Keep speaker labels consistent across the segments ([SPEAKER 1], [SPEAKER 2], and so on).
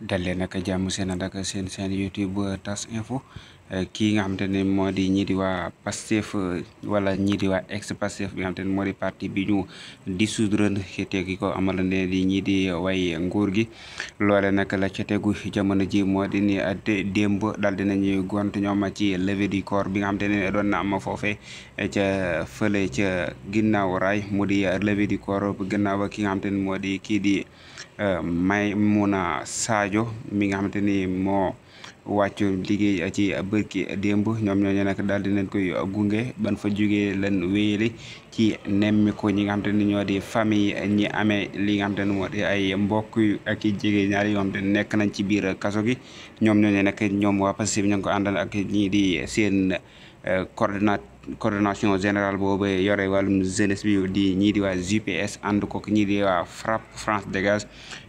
[SPEAKER 1] dal leen ak jàmm seen a ak seen seen YouTube TAS info Eh, kii nga xamante ne moo di ñii di waa Pastef eh, wala ñii di waa ex Pastef bi nga xamante ne moo di parti bi ñu dissoudre te ki ko amal ne di ñii di way nguur gi loole nag la ca tegu jamono ji moo di ni eh, démb daal dinañuy gont ñoom ci levée du corps bi nga xamante ne doon na am foofe ca fële ca ginnaaw raay mu di levée du corps ginnaaw ki nga xamante ne moo di kii di Maimouna Sadio mi nga xamante ni moo wàccu liggéey ci bërki démb ñoom ñooñu nag daal di leen koy gunge ban fa jógee leen wéyale ci nemmiku ñi nga xam te ni ñoo di famille ñi amee li nga xam te ne moo di ay mbokk ak i jege ñaari yoo xam te nekk nañ ci biir kaso gi ñoom ñooñu nag ñoom waa Pastef ñu ngi ko àndal ak ñii di seen euh, coordonnateur. coordination générale boobu yore wàllum jeunesse bi di ñii di waa JPS ànd ko ñii di waa FRAPP France Dégage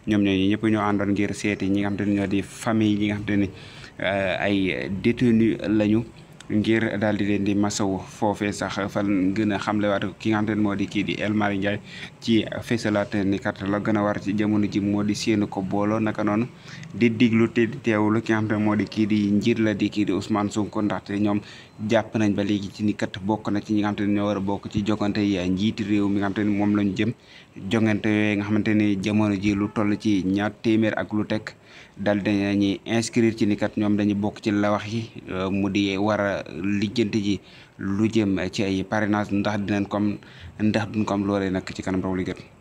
[SPEAKER 1] ñoom ñooñu ñëpp ñoo àndoon ngir seeti ñi nga xam te ne ñoo di famille yi nga xam te ne Euh, ay détenus lañu ngir daal di leen di masawu foofee sax fan gën a xamlewaat ki nga xam moo di kii di El Malick Ndiaye ci fesalaat ni kat la gën a war ci jamono ji moo di séenu ko booloo naka noonu di diglu te teewlu ki nga moo di kii di njiit la di kii di Ousmane Sonko ndaxte ñoom jàpp nañ ba léegi ci ni kat na ci ñi nga xam ñoo war a bokk ci jogante yi njiiti réew mi moom la ñu jëm jongante nga xamante ni jamono ji lu toll ci ñaat téeméer ak lu teg dal dañuy inscrire ci ni kat ñoom dañu bokk ci la yi mu di war lijjanti ji lu jëm ci ay parrainage ndax dinañ ko am ndax duñ ko am loolee nag ci kanam raw li gën